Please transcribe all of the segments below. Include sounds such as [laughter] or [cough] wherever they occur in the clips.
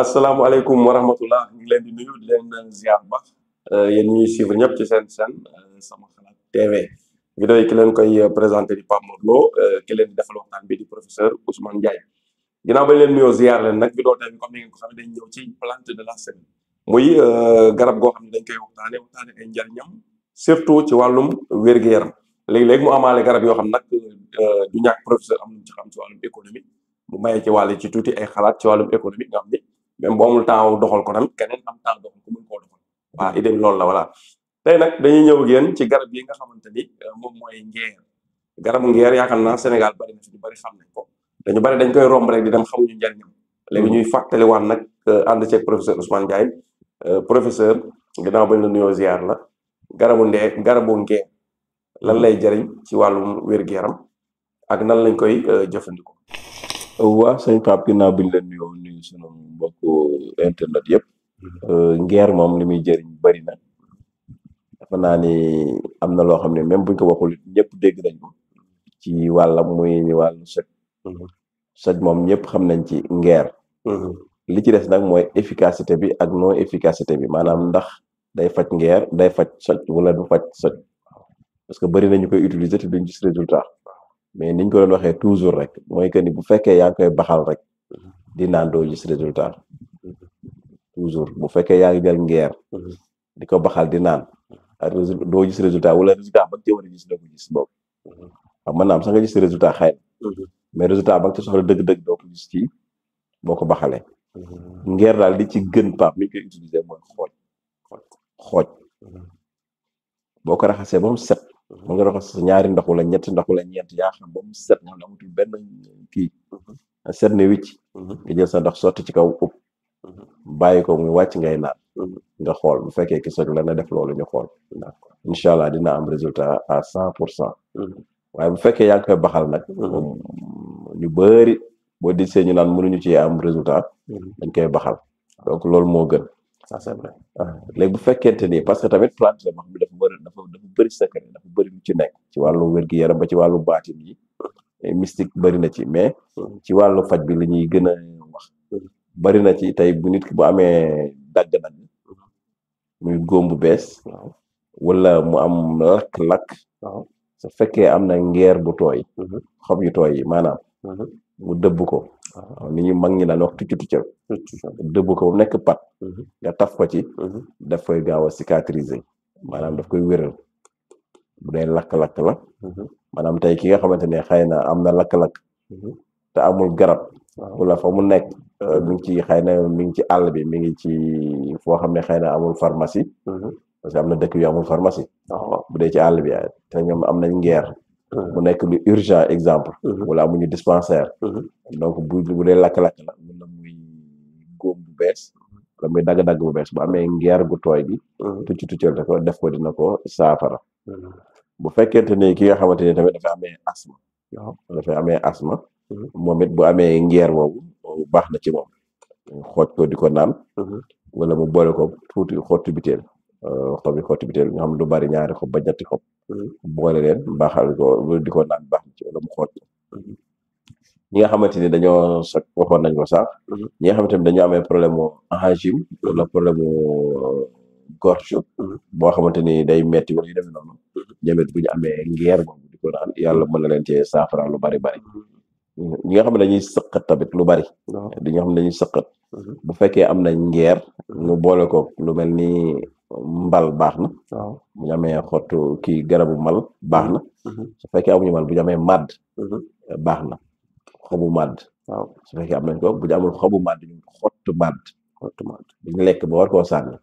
asalaamaaleykum wa rahmatullah ñu ngi leen di nuyu leen ziar ba euh, yéen ñuy suivre ñëpp ci seen seen euh, sama xalaat TV vidéo yi ki leen koy euh, présenté di Pape Mor Lo ki leen di defal waxtaan bi di professeur Ousmane Ndiaye ginnaaw ba leen nuyoo ziar leen nag vidéo tey bi comme ni ngeen ko xam ne dañ ñëw ci la semaine muy garab goo xam ne dañ koy waxtaane waxtaane ay njariñam surtout ci wàllum wér-gu-yaram léegi-léegi mu amaale garab yoo xam nag du ñàkk professeur am nañu ci xam ci wàllum économie mu maye ci wàll ci tuuti ay xalaat ci wàllum économie nga xam ni même bu amul temps doxal ko tamit keneen am temps doxal ko mën koo doxal waaw idée bi loolu la voilà tey nag dañuy ñëw ak yéen ci garab yi nga xamante ni euh, moom mooy ngeer garabu ngeer yaakaar naa Sénégal bari na fi ñu bari xam nañ ko dañu bari dañ koy romb rek di dem xamuñu njariñam léegi ñuy fàttaliwaat nag euh, ànd ceeg professeur Ousmane Ndiaye euh, professeur ginnaaw bañ la nuyo ziar la garabu ndee garabu ngeer lan lay jariñ ci wàllum wér-gu-yaram ak nan lañ koy jëfandikoo Euh, waa sëñ Pape ginnaaw bi ñu leen nuyoo nuyu sunu mbokku internet yëpp mhm. euh, ngeer moom li muy jëriñ bari na dafa naa ni am na loo xam ne même buñ ko waxul ñëpp dégg nañ ko ci wàllam muy wàllu soj mhm. soj moom ñëpp xam nañ ci ngeer mhm. li ci des nag mooy efficacité bi ak non efficacité bi maanaam ndax day faj ngeer day faj soj wala du faj soj parce que bari nañu koy utiliser te duñ gis résultat mais niñ ko doon waxee toujours rek mooy que ni bu fekkee yaa ngi koy baxal rek di naan doo gis résultat bu fekkee yaa ngi jël ngeer di ko baxal di naan doo gis résultat wala résultat ba nga ci a gis doo ko gis boobu waaw mën naa am sax nga gis résultat xëy na mais résultat ba nga soxla dëgg-dëgg doo ko gis ci boo ko baxalee ngeer daal di ci gën pap mi ñu koy utiliser mooy xooj xooj boo ko raxasee ba set mu nga raxas ñaari ndox wala ñetti ndox wala ñeent yaa xam ba mu set nga amatul benn kii mhm. set ne wicc mhm. nga jël sa ndox sotti ci kaw ëpp mhm. bàyyi ko muy wàcc ngay naan nga xool bu fekkee ki soj la na def loolu ñu xool incha allah dina am résultat à cent pour cent waaye bu fekkee yaa ngi koy baxal nag ñu bëri boo di see ñu naan mënuñu ci am résultat dañ koy baxal donc loolu moo gën ça c'est vrai ah, léegi bu fekkente ni parce que tamit plante la bi dafa bëri dafa dafa bëri secret dafa bëri lu ci nekk ci wàllu wér gu ba ci wàllu baatin yi mystique bëri na ci mais ci wàllu faj bi la ñuy gën a wax bëri na ci tey bu nit ki bu amee dagg muy góom bu bees walla mu am lakk-lakk su fekkee am na ngeer bu tooy mhm. xob yu tooy yi maanaam mhm. mu dëbb ko waaw li ñu mag ñi daan wax tuccu tuccal dëbb ko nekk pat mhm. nga taf ko ci mhm. daf koy gaaw a cicatriser maanaam daf koy wéral bu dee lakk-lakk la mhm. maanaam tey ki nga xamante ne xëy na am na lakk-lakk amul garab wala fa mu nekk euh, mi ngi ci xëy na mi ngi ci àll bi mi ngi ci foo xam ne xëy na amul pharmacie parce que am na dëkk amul pharmacie oh. bu ci àll bi te ñoom am nañ ngeer mu nekk lu urgent exemple. Mhm. wala amuñu dispensaire. Mhm. donc bu bu dee lakk-lakk la mun na muy góom bu bees. bu bees bu amee ngeer gu tooy bi. tucc mhm. tuccal ko def ko dina ko saafara. bu fekkente ni ki nga xamante ni tamit dafa amee asma. dafay amee asma. moom it bu amee ngeer boobu baax na ci moom. xooj ko di ko naan. wala mu boole ko tuuti xottu xob yi xotti biteel nga am lu bari ñaari xob ba ñetti xob boole leen baaxal ko di ko naan baax ci lu mu xoot ñi nga xamante ni dañoo sot waxoon nañ ko sax ñi nga xamante ni dañoo amee problème mu angine wala problème gorge boo xamante ni day metti wala yu demee noonu ñoom it bu ñu amee ngeer boobu di ko naan yàlla mën na leen cee saafara lu bari bari ñi nga xam dañuy sëqat tamit lu bari di nga xam dañuy sëqat bu fekkee am na ngeer ñu boole ko lu mel ni mbal baax na waaw bu ñu amee xottu kii garabu mbal baax na mm-hmm. su fekkee amuñu mbal bu ñu amee màdd mm-hmm. eh, baax na xobu màdd waaw su am nañ ko bu ñu xobu màdd ñu xottu màdd xottu màdd buñu lekk ba war koo sànni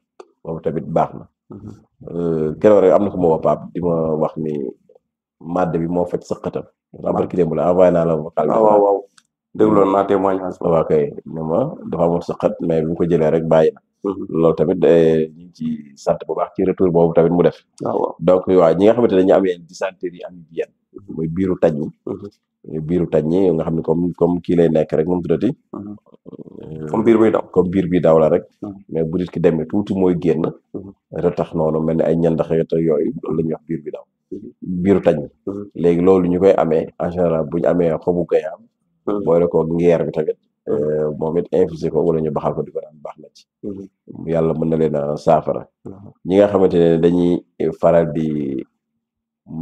boobu tamit baax na mm-hmm. eh, keroog rek am na ko ma woo Pape di ma wax ni màdd bi moo faj sëqatam abarki démb la envoyé naa la vocal ah, waaw waaw dégloon naa témoignage waaw ah, kay ma dafa amoon sëqat mais bi ko jëlee rek bàyyi Mhm. loolu tamit eh, ñu ngi ci sant bu baax ci retour boobu tamit mu def ah, donc waaw ñi nga xamante ne dañu am yenn dysenterie yi am yenn mhm. mooy biiru taññi mhm. eh, biiru taññi nga xam ne comme comme kii lay nekk rek moom tuddati eh, comme biir buy daw comme biir bi daw la rek mais bu nit ki demee tuuti mooy génn retax noonu mel ni ay ñandax yooyu loolu la ñuy wax biir bi daw biiru taññi léegi loolu ñu koy amee en général bu ñu amee xobu gayaam boole ko ngeer bi tamit Euh, moom it infusé ko wala ñu baxal ko di ko naan baax na ci mhm. yàlla mën na leen a saafara mhm. ñi nga xamante ne dañuy faral di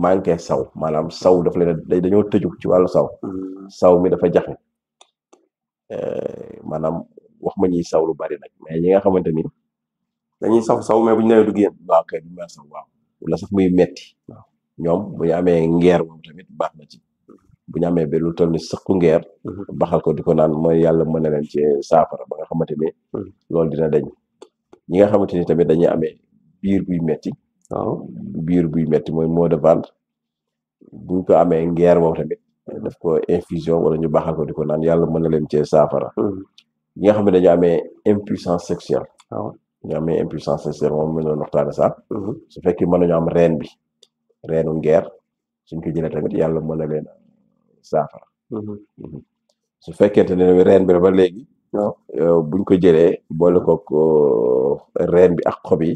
manqué saw maanaam saw dafa leen dañoo tëju ci wàllu saw mhm. saw mi dafa jaxe euh, maanaam wax ma ñuy saw lu bari nag mais ñi nga xamante ni dañuy saw saw mais bu ñu nee du génn waaw kay du ñu saw waaw wala sax muy metti ñoom bu ñu amee ngeer moom tamit baax na ci bu ñu amee ba lu toll ni sëqu ngeer mhm. baxal ko di ko naan mooy yàlla mën na leen ci saafara ba nga xamante ni mhm. loolu dina dañ ñi nga xamante ni tamit dañuy amee biir buy metti biir buy metti mooy maux de ventre buñ ko amee ngeer moom tamit def ko infusion wala ñu baxal ko di ko naan yàlla mën na leen ci saafara mhm. ñi nga xam ne dañu amee impuissance sexuelle waaw ñu amee impuissance sexuelle moom mën na waxtaane sax su fekkee mën nañu am reen bi reenu ngeer suñ ko jëlee tamit yàlla mën na leen saafara. Mhm, mhm. su fekkente ne reen bi la ba léegi. waaw buñ ko jëlee boole kook reen bi ak xob yi.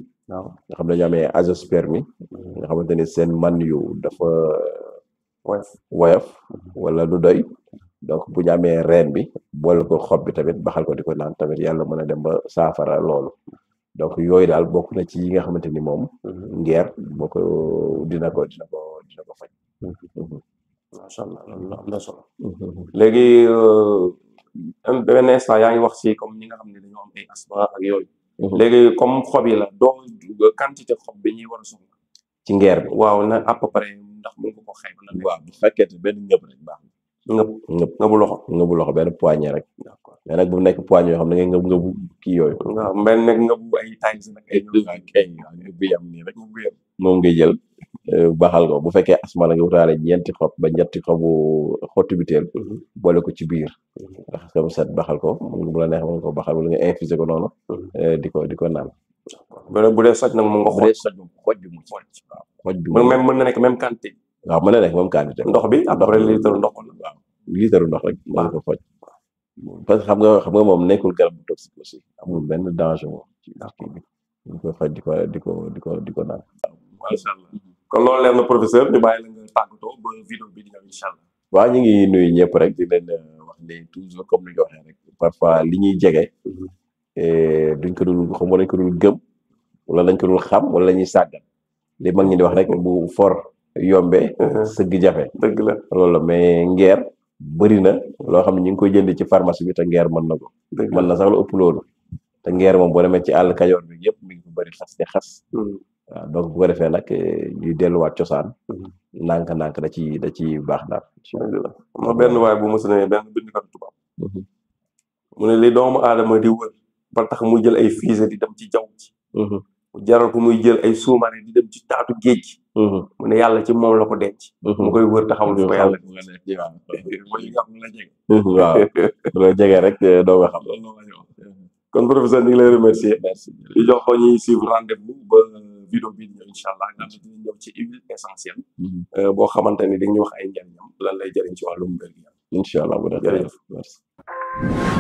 xam ne dañoo amee azoospermie. Mhm. nga xamante ni seen man yu dafa. woyof wala lu doy. donc bu ñu amee reen bi boole ko xob bi tamit baxal ko di ko naan tamit yàlla mën a dem ba saafara loolu donc yooyu daal bokk na ci yi nga xamante ni moom. ngeer boo dina ko dina ko dina macha allah loolu am na solo. Mm-hmm. léegi euh, benn instant yaa ngi wax ci comme ñi nga xam ne dañoo am ay asma ak yooyu. Mm-hmm. léegi comme xob yi la doo quantité xob bi ñuy war a ci ngeer bi waaw na à peu près ndax mën nga ko xayma. waaw bu fekkee te baax na. ngëb ngëb ngëbu loxo. ngëbu loxo benn poignée rek. d'accord mais nag bu nekk poignée yoo xam ne da nga bu ngëbu kii yooyu. waaw benn nag ngëbu ay taay si nag ay. ay ngëb yi am moom ngay jël. Euh, baxal ko bu fekkee asma la nga wutaale ñeenti xob ba ñetti xobu xottu biteel mhm. boole ko ci biir mhm. ndax comme set baxal ko mu la neex mën ko baxal wala nga infusé ko noonu mhm. euh, di ko di ko naan beneen bu dee soj nag moom nga xooj soj xooj bi mu xooj waaw xooj bi même mën na nekk même quantité waaw mën na nekk même quantité ndox bi après litre ndox la waaw litre ndox rek mën ko xoj parce que xam nga xam nga moom nekkul garab bu toxique aussi amul benn danger ci kii bi ñu di ko di ko di ko di ko naan macha kon loolu leer professeur ñu bàyyi la tagoto tàggatoo ba vidéo bi di ñëw incha allah. waaw ngi nuy ñëpp rek di len wax ni toujours comme ni ñu waxee rek papa li ñi jégué euh duñ ko dul xam wala ko dul gëm wala lañ ko dul xam wala lañ ñuy sàggan li mag ñi di wax rek bu for yombé mhm. seug jafé deug la loolu mais ngeer bari na lo xam ni ñu ngi koy jënd ci pharmacie bi ta ngeer man nako man la sax lu upp lolu ta ngeer mom bo demé ci àll kayor bi yëpp mi ngi bari xass te xass Ah, donc bu ko defee nag eh, ñuy delluwaat cosaan mhm. ndànk-ndànk da ci da ci baax daal alhamdulilah ma benn waay bu mos ne benn bindkat tubaab mhm. mu ne li doomu aadama di wër ba tax mu jël ay fusée di dem ci jaww ji mhm. mu jaral ko muy jël ay sous di dem ci taatu géej gi mu ne yàlla ci moom la ko denc mu koy wër taxawul ko yàlla [laughs] mooy nga la jege waaw [laughs] la jege rek eh, doo nga xam kon professeur ñu ngi lay remercier di jox ko ñuy suivre rendez-vous ba vidéo bi ñëw incha allah nga xam ne ci huile essentielle. Mhm. Euh, boo xamante ni dañuy wax ay njariñam lan lay jëriñ ci wàllum mbir mi. incha allah bu dee